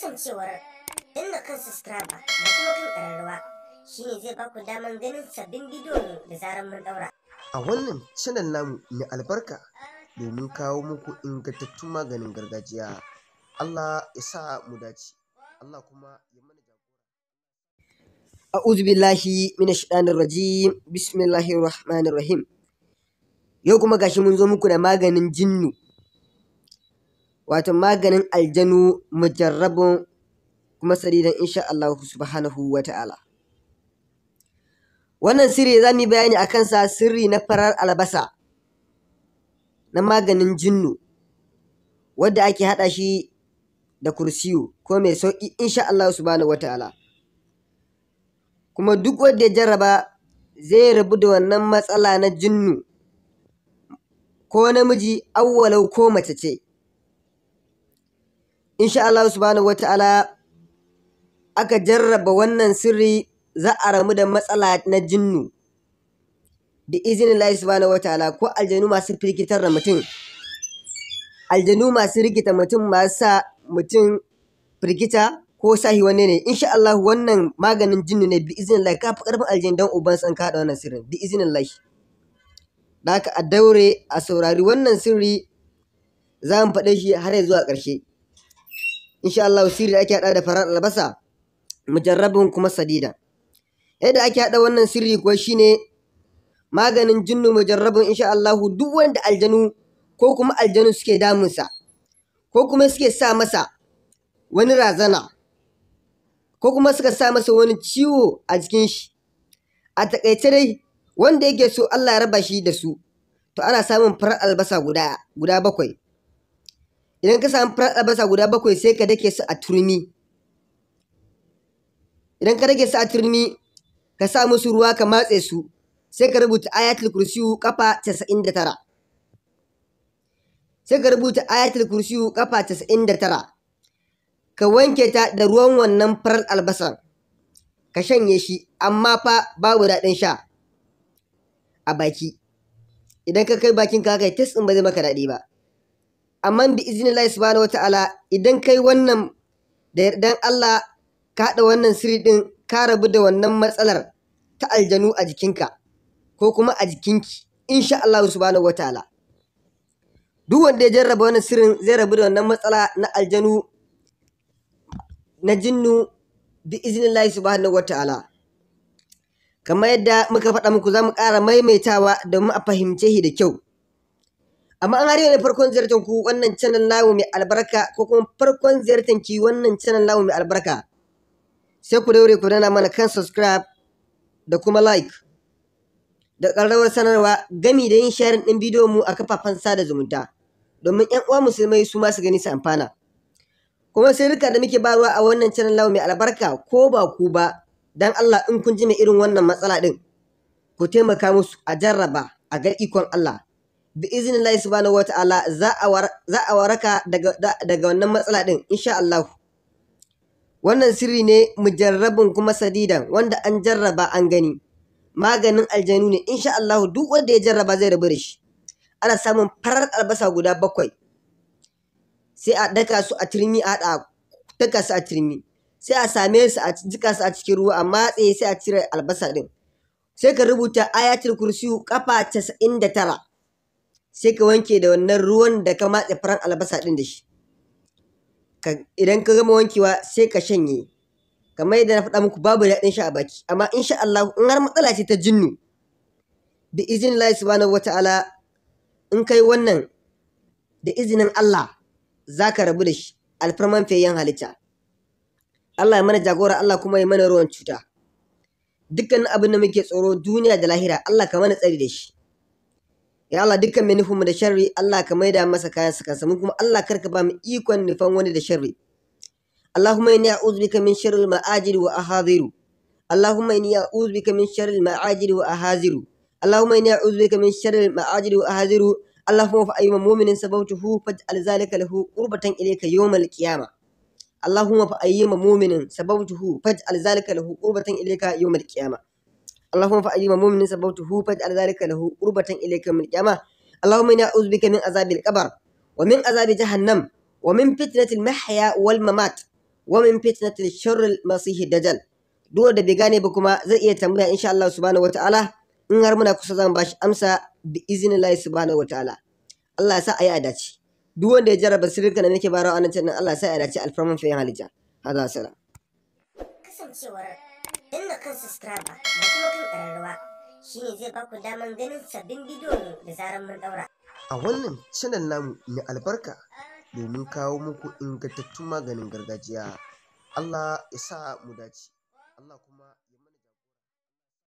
kasancewar danna kan subscribe da kuma kan ƙararrawa shine zai baku daman ganin sabbin bidiyo da zarar mun daura. A wannan channel namu mai albarka domin kawo muku ingantattun maganin gargajiya. Allah ya sa mu dace. Allah kuma ya mana jagora. A'udhu billahi minash shaitanir rajim. Bismillahir rahmanir rahim. Yau kuma gashi mun zo muku da maganin jinnu wato maganin aljanu mujarrabun kuma sariran insha Allah subhanahu wa ta'ala. Wannan sirri za mu yi bayani a kansa sirri na farar albasa na maganin jinnu wadda ake haɗa shi da kursiyo ko mai sauƙi insha Allah subhanahu wa ta'ala. Kuma duk wanda ya jarraba zai rabu da wannan matsala na jinnu ko namiji awwalau ko mace ce. insha Allah subhanahu wata'ala aka jarraba wannan sirri za a ramu da matsala na jinnu da izinin Allah subhanahu wata'ala ko aljanu masu firgitar da mutum aljanu masu rikita mutum masu sa mutum firgita ko sahi wanne ne insha Allah wannan maganin jinnu ne bi izinin Allah kafa karfin aljanu don uban san ka wannan sirri bi izinin Allah da haka a daure a saurari wannan sirri za mu faɗe shi har zuwa ƙarshe insha Allah sirri ake hada da farar albasa mujarrabun kuma sadida yadda ake hada wannan sirri kuwa shine maganin jinnu mujarrabun insha Allah duk wanda aljanu ko kuma aljanu suke damunsa ko kuma suke sa masa wani razana ko kuma suka sa masa wani ciwo a jikin shi a takaice dai wanda yake so Allah ya raba shi da su to ana samun farar albasa guda guda bakwai idan ka samu farar albasa guda bakwai sai ka dake su a turmi idan ka dake su a turmi ka sa musu ruwa ka matse su sai ka rubuta ayatul kursiyu kafa 99 sai ka rubuta ayatul kursiyu kafa 99 ka wanke ta da ruwan wannan farar albasar ka shanye shi amma fa babu daɗin sha a baki idan ka kai bakin ka kai tis ɗin ba zai maka daɗi ba amma bi Allah subhanahu wataala idan kai wannan da yardan Allah ka haɗa wannan sirri ɗin ka rabu da wannan matsalar ta aljanu a jikinka ko kuma a jikinki insha Allah subhanahu wataala duk wanda ya jarraba wannan sirrin zai rabu da wannan matsala na aljanu na jinnu bi Allah subhanahu wataala kamar yadda muka faɗa muku za mu ƙara maimaitawa domin a fahimce shi da kyau amma an har ne farkon ziyartar ku wannan channel namu mai albarka ko kuma farkon ziyartar ki wannan channel namu mai albarka sai ku daure ku dana mana kan subscribe da kuma like da karrawar sanarwa gami da yin sharing ɗin bidiyon mu a kafafen sada zumunta domin ƴan uwa musulmai su ma su gani su amfana kuma sai rika da muke barwa a wannan channel namu mai albarka ko ba ku ba dan Allah in kun ji mai irin wannan matsala din ku taimaka musu a jarraba a ga ikon Allah bi Allah subhanahu ta'ala za a waraka daga wannan matsala din insha Allah wannan sirri ne mujarrabin kuma sadidan wanda an jarraba an gani maganin aljanu ne insha Allah duk wanda ya jarraba zai rabu da shi ana samun farar albasa guda bakwai sai a daka su a turmi a haɗa daka su a turmi sai a same su a jika su a cikin ruwa a matse sai a cire albasa din sai ka rubuta ayatul kursiyu kafa casa'in da tara sai ka wanke da wannan ruwan da ka matse faran albasa ɗin da shi idan ka gama wankewa sai ka shanye kamar yadda na faɗa muku babu daɗin sha a baki amma sha Allah in har matsala ce ta jinnu bi izinin Allah subhanahu wata'ala in kai wannan da izinin Allah za ka rabu da shi alfarman fayyan halitta Allah ya mana jagora Allah kuma ya mana ruwan cuta dukkan abin da muke tsoro duniya da lahira Allah ka mana tsari da shi ya Allah dukkan mai nufinmu da sharri Allah ka maida masa kayan sa kansa kuma Allah karka ba mu ikon nufan wani da sharri Allahumma inni a'udhu bika min sharri al-ma'ajir wa ahadiru Allahumma inni a'udhu bika min sharri al-ma'ajir wa ahadiru Allahumma inni a'udhu bika min sharri al-ma'ajir wa ahadiru Allahumma fa ayyuma mu'minin sabawtuhu faj'al zalika lahu qurbatan ilayka yawmal qiyamah Allahumma fa ayyuma mu'minin sabawtuhu faj'al zalika lahu qurbatan ilayka yawmal qiyamah اللهم فأجب مؤمن سببته فاجعل ذلك له قربة إليك من القيامة اللهم إنا أعوذ بك من عذاب القبر ومن عذاب جهنم ومن فتنة المحيا والممات ومن فتنة الشر المسيح الدجال duwar da bai gane ba kuma zai iya tambaya insha Allah subhanahu wataala in har muna kusa zan bashi amsa bi iznillahi subhanahu wataala Allah ya sa ayi adaci duk wanda ya jarraba sirrinka da nake barawa anan nan Allah ya sa ayi adaci danna kan subscriber da kuma kan ƙararrawa shine zai baku daman ganin sabbin bidiyo da zarar mun daura. A wannan channel namu mai albarka domin kawo muku ingantattun maganin gargajiya. Allah ya sa mu dace. Allah kuma